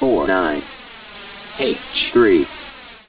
X49H3